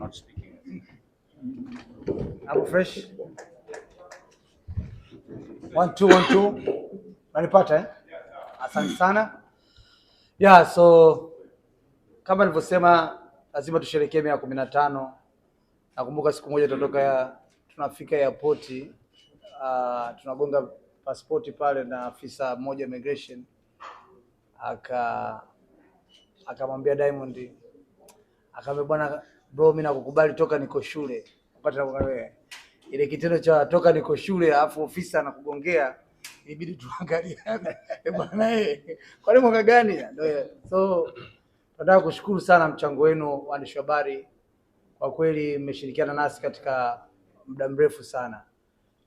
Not speaking. fresh. One, two, one, two. Nanipata eh? Asante sana. Yeah, so kama nilivyosema lazima tusherekee miaka kumi na tano. Nakumbuka siku moja tunatoka tunafika airport uh, tunagonga pasipoti pale na afisa mmoja immigration aka akamwambia Diamond, akamwambia bwana, bro, mimi nakukubali toka niko shule, upate na wewe. Ile kitendo cha toka niko shule afu ofisa anakugongea ibidi tuangalie bwana, eh kwa nini mwaka gani? Ndio so nataka kushukuru sana mchango wenu waandishi habari, kwa kweli mmeshirikiana nasi katika muda mrefu sana,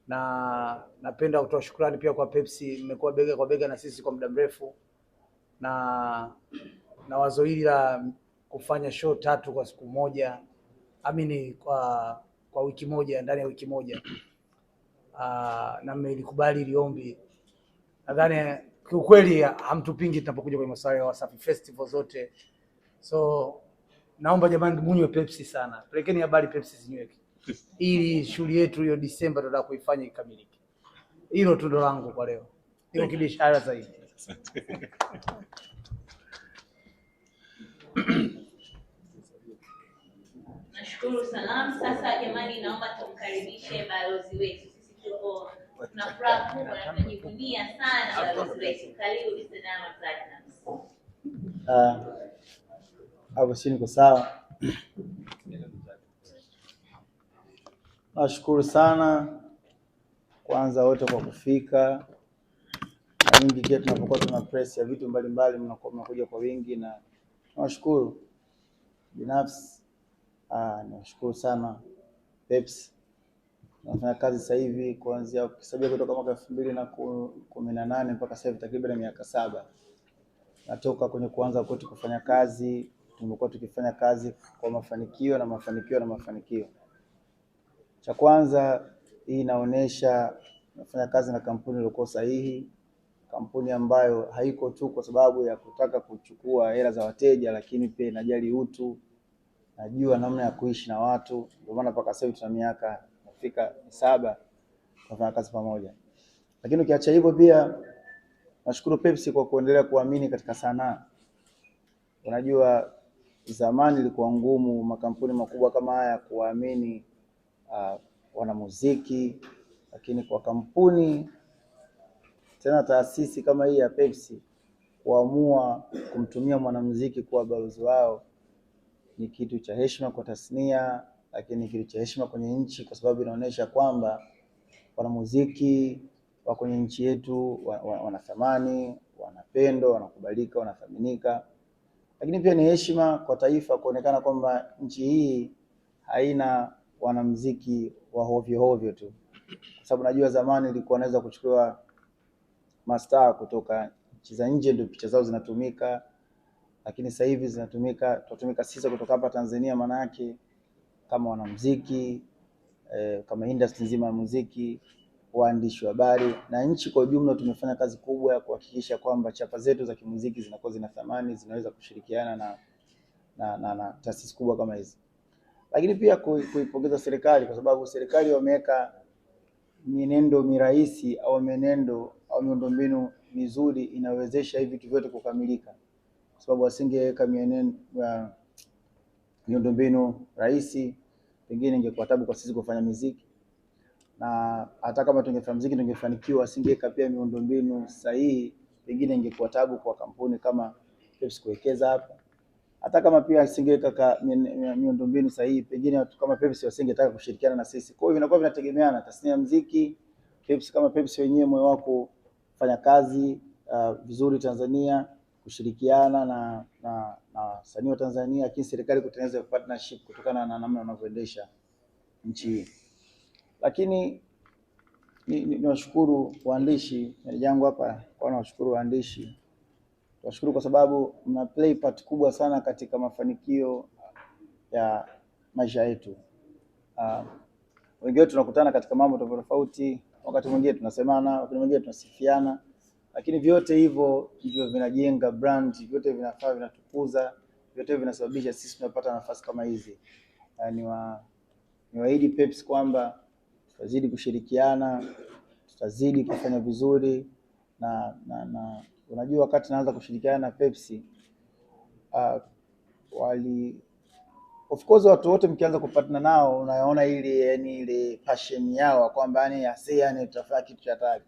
na napenda kutoa shukrani pia kwa Pepsi, mmekuwa bega kwa bega na sisi kwa muda mrefu na na wazo hili la kufanya show tatu kwa siku moja amini kwa kwa wiki moja ndani ya wiki moja uh, na mmelikubali liombi, nadhani kiukweli hamtupingi tunapokuja kwenye masuala ya Wasafi Festival zote. So naomba jamani, munywe Pepsi sana, pelekeni habari Pepsi zinyweke, ili shughuli yetu hiyo Disemba tunataka kuifanya ikamilike. Hilo tu ndo langu kwa leo, hilo hara zaidi. Nashukuru salamu. Sasa jamani, naomba tumkaribishe balozi wetu. Sisi tuko tuna furaha kubwa na tunajivunia sana balozi wetu. Karibu Mr. Diamond Platnumz. Ah, hapo chini ko sawa. Nashukuru sana kwanza wote kwa kufika nyingi kile tunapokuwa tuna press ya vitu mbalimbali, mnakuwa mnakuja kwa wingi, na nawashukuru binafsi, ah, nawashukuru sana Pepsi Nafanya kazi sasa hivi kuanzia ukisabia kutoka mwaka elfu mbili na kumi na nane mpaka sasa hivi takriban miaka saba. Natoka kwenye kuanza kwetu kufanya kazi, tumekuwa tukifanya kazi kwa mafanikio na mafanikio na mafanikio. Cha kwanza hii inaonyesha nafanya kazi na kampuni iliyokuwa sahihi kampuni ambayo haiko tu kwa sababu ya kutaka kuchukua hela za wateja, lakini pia inajali utu, najua namna ya kuishi na watu. Ndio maana mpaka sasa tuna miaka nafika saba tunafanya kazi pamoja. Lakini ukiacha hivyo, pia nashukuru Pepsi kwa kuendelea kuamini katika sanaa. Unajua zamani ilikuwa ngumu makampuni makubwa kama haya kuwaamini uh, wanamuziki, lakini kwa kampuni tena taasisi kama hii ya Pepsi kuamua kumtumia mwanamuziki kuwa balozi wao ni kitu cha heshima kwa tasnia, lakini kitu cha heshima kwenye nchi, kwa sababu inaonyesha kwamba wanamuziki wa kwenye nchi yetu wanathamani wanapendwa, wanakubalika, wanathaminika. Lakini pia ni heshima kwa taifa kuonekana kwamba nchi hii haina wanamuziki wa hovyo hovyo tu, kwa sababu najua zamani ilikuwa naweza kuchukua mastaa kutoka nchi za nje, ndio picha zao zinatumika, lakini sasa hivi zinatumika tunatumika sisi kutoka hapa Tanzania, maana yake kama wanamuziki eh, kama industry nzima ya muziki, waandishi wa habari na nchi kwa ujumla, tumefanya kazi kubwa ya kuhakikisha kwamba chapa zetu za kimuziki zinakuwa zina thamani, zinaweza kushirikiana na, na, na, na taasisi kubwa kama hizi, lakini pia kuipongeza serikali kwa sababu serikali wameweka mienendo mirahisi au mienendo au miundombinu mizuri inawezesha hivi vitu vyote kukamilika, kwa sababu asingeweka uh, miundombinu rahisi, pengine ingekuwa tabu kwa sisi kufanya muziki, na hata kama tungefanya muziki tungefanikiwa, asingeweka pia miundombinu sahihi, pengine ingekuwa tabu kwa kampuni kama Pepsi kuwekeza hapa hata kama pia asingeweka miundombinu sahihi, pengine watu kama Pepsi wasingetaka kushirikiana na sisi. Kwa hiyo inakuwa vinategemeana, tasnia ya muziki Pepsi, kama Pepsi wenyewe moyo wako kufanya kazi uh, vizuri Tanzania, kushirikiana na na, na wasanii wa Tanzania, lakini serikali kutengeneza partnership kutokana na namna wanavyoendesha nchi hii. Lakini niwashukuru ni, ni waandishi jangu hapa kwa, nawashukuru waandishi, washukuru kwa sababu mna play part kubwa sana katika mafanikio ya maisha yetu. Uh, wengi wetu tunakutana katika mambo tofauti tofauti wakati mwingine tunasemana, wakati mwingine tunasifiana, lakini vyote hivyo ndivyo vinajenga brand, vyote vinafaa, vinatukuza, vyote vinasababisha sisi tunapata nafasi kama hizi. Ni wa niwaahidi Peps kwamba tutazidi kushirikiana, tutazidi kufanya vizuri na, na, na unajua wakati naanza kushirikiana na Pepsi uh, wali Of course watu wote mkianza kupatana nao unaona ile yani ile passion yao kwamba yani asia yani tutafanya kitu cha hatari.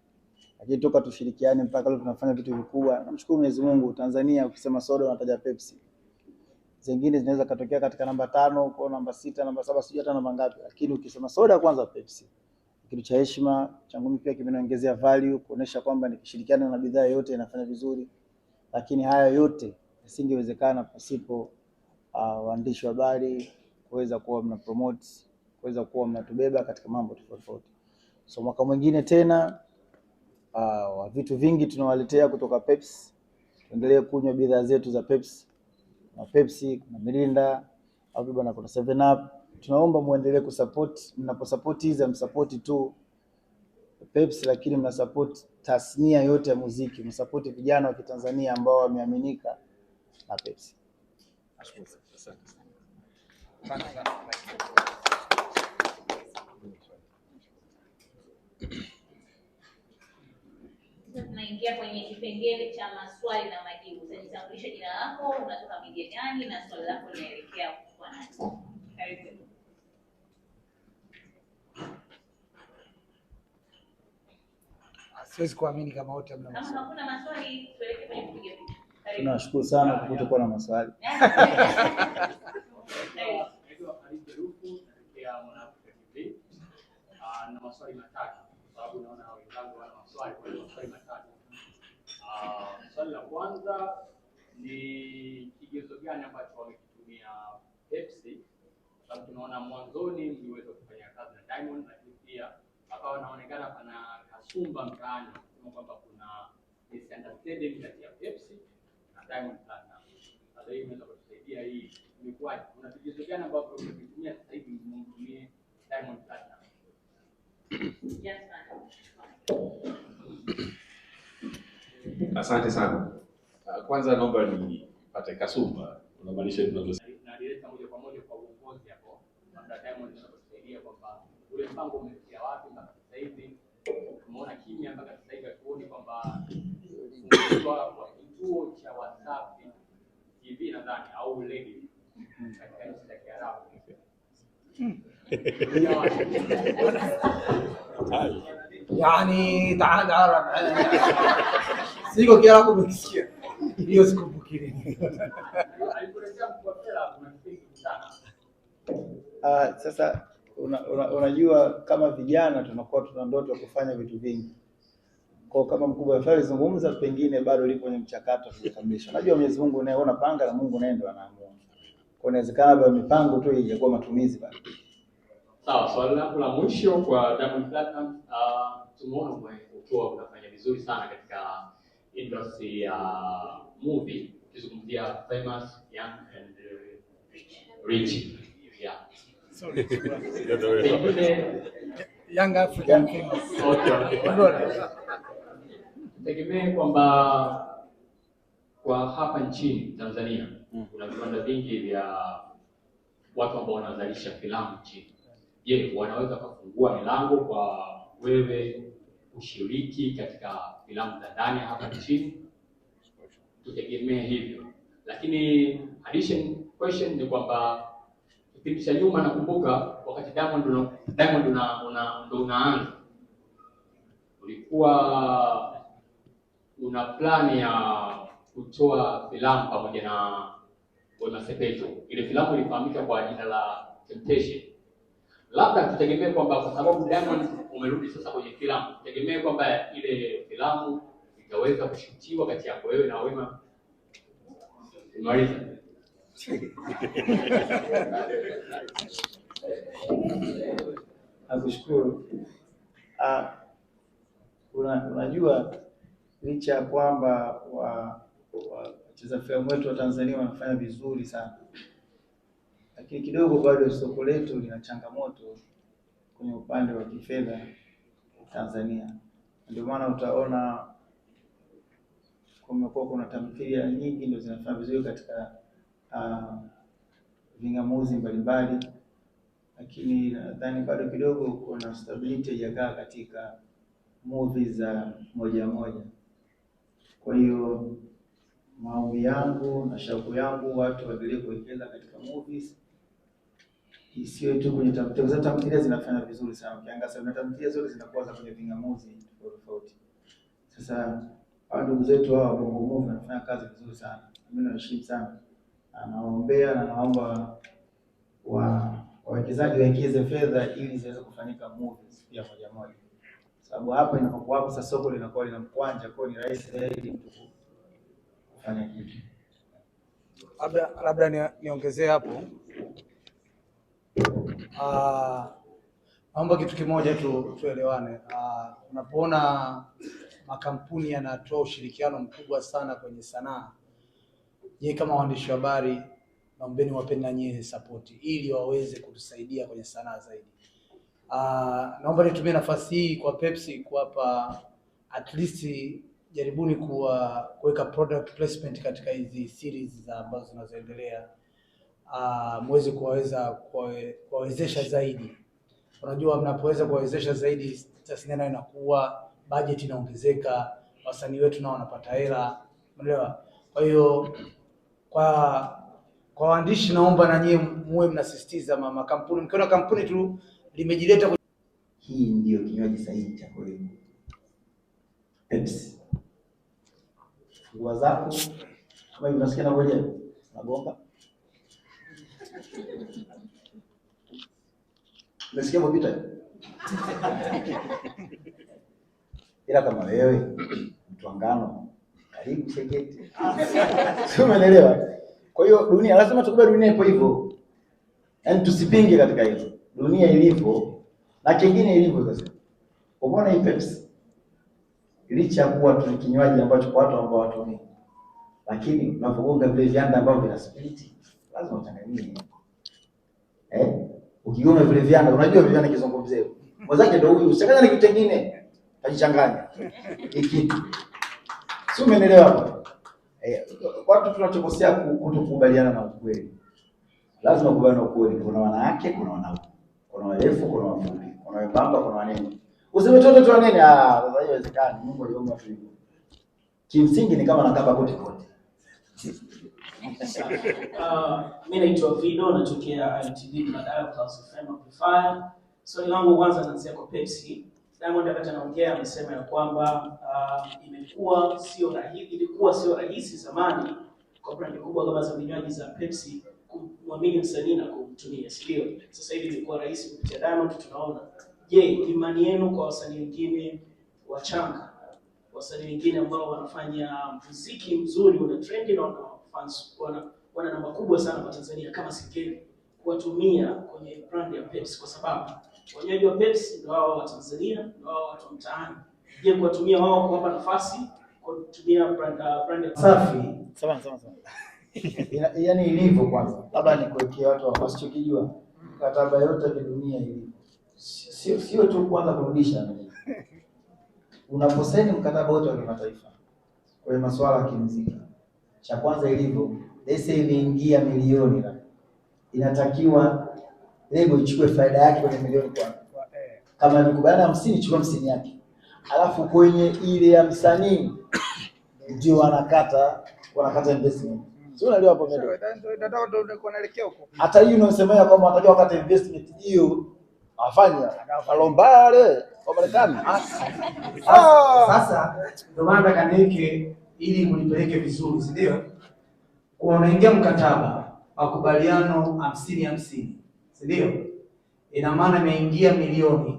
Lakini toka tushirikiane mpaka leo tunafanya vitu vikubwa. Namshukuru Mwenyezi Mungu, Tanzania ukisema soda unataja Pepsi. Zingine zinaweza katokea katika namba tano kwa namba sita, namba saba, sijui hata namba ngapi. Lakini ukisema soda kwanza Pepsi. Kitu cha heshima changu pia kimeniongezea value kuonesha kwamba nikishirikiana na bidhaa yote inafanya vizuri. Lakini haya yote yasingewezekana pasipo uh, waandishi wa habari kuweza kuwa mna promote kuweza kuwa mnatubeba katika mambo tofauti tofauti. So mwaka mwingine tena uh, vitu vingi tunawaletea kutoka Pepsi. Tuendelee kunywa bidhaa zetu za Pepsi na Pepsi, kuna Mirinda au bwana, kuna 7 Up. Tunaomba muendelee kusupport, mnaposupport hizi msupport tu Pepsi, lakini mnasupport tasnia yote ya muziki, msupport vijana wa Kitanzania ambao wameaminika na Pepsi. Nashukuru Tunaingia kwenye kipengele cha maswali na majibu. Utajitambulisha jina lako, unatoka media gani na swali lako linaelekea kwa nani? Karibu. Siwezi kuamini kama wote mna maswali. Kama hakuna maswali tunashukuru sana kutokuwa na maswali. Swali la kwanza ni kigezo gani ambacho wamekitumia Pepsi? sababu tunaona mwanzoni mliweza kufanya kazi na Diamond, lakini pia akawa anaonekana pana kasumba mtaani, kwamba kuna misunderstanding kati ya Pepsi Diamond Sasa kutusaidia hii Kuna vigezo gani ambavyo sasa hivi Diamond Asante sana. Ah, kwanza naomba nipate kasumba, unamaanisha na direct moja kwa moja kwa uongozi hapo, Diamond kwamba ule mpango umefikia wapi sasa hivi, tumeona kimya mpaka sasa hivi hatuoni kwamba kituo cha Wasafi TV nadhani au ledi katika nchi za Kiarabu yani taala arab siko Kiarabu umekisikia hiyo sikumbuki. Uh, sasa unajua una, una kama vijana tunakuwa tuna ndoto ya kufanya vitu vingi kwa kama mkubwa wa zungumza, pengine bado lipo kwenye mchakato kukamilisha. Unajua Mwenyezi Mungu unayeona panga na Mungu naye ndo anaamua. Kwa inawezekana bado mipango tu haijakuwa matumizi bado. Sawa, swali langu la mwisho kwa Diamond Platnumz, ah, tumeona ukiwa unafanya vizuri sana katika industry ya movie, ukizungumzia famous young and rich. Yeah. Sorry. Young African famous. Okay. Tegemee kwamba kwa hapa nchini Tanzania mm. viwanda vingi vya watu ambao wanazalisha filamu nchini. Je, wanaweza kufungua milango kwa wewe kushiriki katika filamu za ndani hapa nchini? Tutegemee hivyo, lakini addition question ni kwamba kipindi cha nyuma nakumbuka wakati Diamond una, Diamond una, una, ndo unaanza ulikuwa una plan ya kutoa filamu pamoja na Wema Sepetu. Ile filamu ilifahamika kwa jina la Temptation. Labda tutegemee kwamba kwa sababu Diamond umerudi sasa kwenye filamu, tegemee kwamba ile filamu itaweza kushutiwa kati yako wewe na Wema. Umaliza. Nakushukuru. Ah, unajua licha ya kwamba wacheza wa, filamu wetu wa Tanzania wanafanya vizuri sana, lakini kidogo bado soko letu lina changamoto kwenye upande wa kifedha Tanzania. Ndio maana utaona kumekuwa kuna tamthilia nyingi ndio zinafanya vizuri katika uh, ving'amuzi mbalimbali, lakini nadhani bado kidogo kuna stability haijakaa katika movie za moja moja. Kwa hiyo maombi yangu na shauku yangu watu waendelee kuwekeza katika movies, isiwe tu kwenye tamthilia, kwa sababu tamthilia zinafanya vizuri sana. Ukiangalia na tamthilia zote zinakuwa za kwenye vingamuzi tofauti tofauti. Sasa hawa ndugu zetu hawa Bongo Movie wanafanya kazi vizuri sana, mimi nawaheshimu sana, anaombea na naomba wa wawekezaji wawekeze fedha ili ziweze kufanyika movies pia moja moja sababu hapo inapokuwa hapo sasa soko linakuwa linamkwanja, kwa ni rahisi zaidi mtu kufanya kitu. Labda labda niongezee hapo ah, naomba kitu kimoja tu tuelewane. Ah, unapoona makampuni yanatoa ushirikiano mkubwa sana kwenye sanaa, nyie kama waandishi wa habari, naombeni wapeni na nyie sapoti ili waweze kutusaidia kwenye sanaa zaidi. Uh, naomba nitumie nafasi hii kwa Pepsi kuwapa at least jaribuni kuwa kuweka product placement katika hizi series za ambazo zinazoendelea, uh, ah, muweze kuwaweza kuwawezesha zaidi. Unajua, mnapoweza kuwawezesha zaidi, tasnia nayo inakuwa, budget inaongezeka, wasanii wetu nao wanapata hela, unaelewa. Kwa hiyo kwa kwa waandishi, naomba na nyie muwe mnasisitiza mama kampuni, mkiona kampuni tu limejileta hii ndiyo kinywaji sahihi cha kulevya. Pepsi, fungua zako kama unasikia na ngoja nagonga, unasikia mpita ila kama wewe mtwangano karibu Segeti, sio? Umeelewa? Kwa hiyo dunia lazima tukubali, dunia ipo hivyo, yaani tusipinge katika hilo dunia ilivyo na kingine ilivyo sasa. Umeona hii Pepsi licha ya kuwa tuna kinywaji ambacho kwa watu ambao watumii, lakini unapogonga vile vianda ambavyo vina spirit lazima uchanganyie eh, ukigonga vile vianda, unajua vile vianda kizungumzie mwenzake ndio huyu, usichanganye kitu kingine, utajichanganya hiki, sio? Umeelewa hapo? Eh, watu tunachokosea kutokubaliana na ukweli, lazima kubaliana na ukweli. Kuna wanawake, kuna wanaume kuna warefu, kuna wafupi, kuna wembamba, kuna wanene. Useme chote tu wanene, ah, sasa haiwezekani. Mungu aliumba tu hivyo. Kimsingi ni kama nakaba kote kote. Uh, ah, mimi naitwa Vido natokea IMTV Mbadala Class FM Amplifier. Swali langu kwanza naanzia kwa Pepsi. Diamond wakati anaongea amesema ya kwamba uh, imekuwa sio rahisi, ilikuwa sio rahisi zamani kwa brandi kubwa kama za vinywaji za Pepsi kumwamini msanii na kumtumia, si ndio? Sasa hivi ilikuwa rahisi kupitia Diamond tunaona. Je, imani yenu kwa wasanii wengine wachanga, wasanii wengine ambao wanafanya muziki mzuri una trend na wana fans wana, wana namba kubwa sana kwa Tanzania kama Singeli kuwatumia kwenye brand ya Pepsi kwa sababu wanywaji wa Pepsi ndio wao wa Tanzania, ndio wao watu mtaani. Je, kuwatumia wao kuwapa nafasi kutumia brand, brand ya Safi. Sawa sawa sawa. yaani ilivyo kwanza, labda nikuwekee watu wasichokijua mikataba yote ya dunia ilivyo, sio sio tu kwanza kurudisha unaposaini mkataba wote wa kimataifa kwenye masuala ya kimuziki, cha kwanza ilivyo lese imeingia milioni la inatakiwa lebo ichukue faida yake kwenye milioni kwanza. Kama imekubaliana hamsini, chukua hamsini yake, alafu kwenye ile ya msanii ndio wanakata wanakata investment Sio unaelewa hapo ndio. Ndio ndio ndio naelekea huko. Hata hiyo unasemea kwamba watajua wakati investment hiyo afanya alombale kwa Marekani. Ah. Ah. Sasa ndio maana kanike ili mlipeleke vizuri, si ndio? Kwa unaingia mkataba makubaliano hamsini hamsini, si ndio? Ina maana imeingia milioni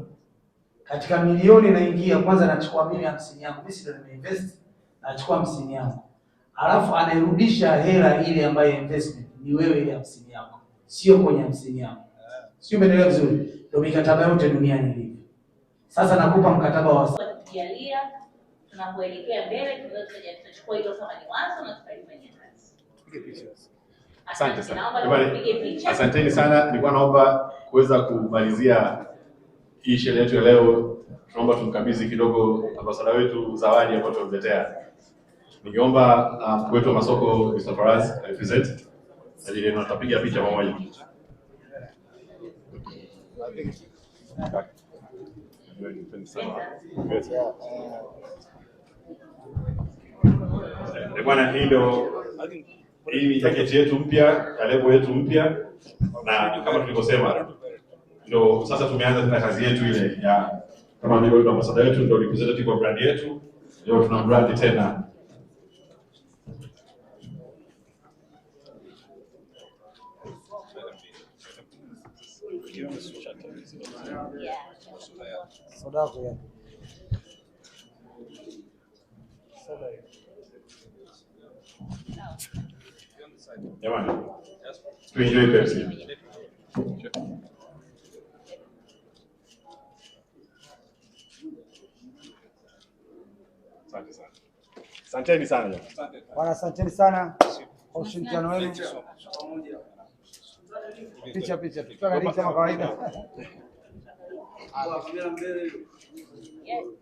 katika milioni naingia kwanza, nachukua mimi hamsini yangu, mimi ndio nimeinvest, nachukua hamsini yangu alafu anairudisha hela ile ambayo investment ni wewe, ile hamsini yako, sio kwenye hamsini yako, sio? umeendelea vizuri? Ndio mikataba yote duniani ilivyo. Sasa nakupa mkataba wa tunapoelekea mbele, kama ni wazo na Asante sana, asanteni sana. Nilikuwa naomba kuweza kumalizia hii sherehe yetu ya leo, tunaomba tumkabidhi kidogo ambasada wetu zawadi ambayo tumemletea. Ningeomba mkuu wetu wa masoko Mr. Faraz FZ ajili ndio tutapiga picha pamoja. Eh, bwana, hii ndio hii ni jaketi yetu mpya, kalebo yetu mpya, na kama tulivyosema ndio sasa tumeanza tena kazi yetu ile ya kama ndio ambasada yetu ndio representative wa brand yetu, ndio tuna brand tena Sadako ya. Asanteni sana bwana, asanteni sana kwa ushirikiano wenu. Picha picha kama kawaida. Yes.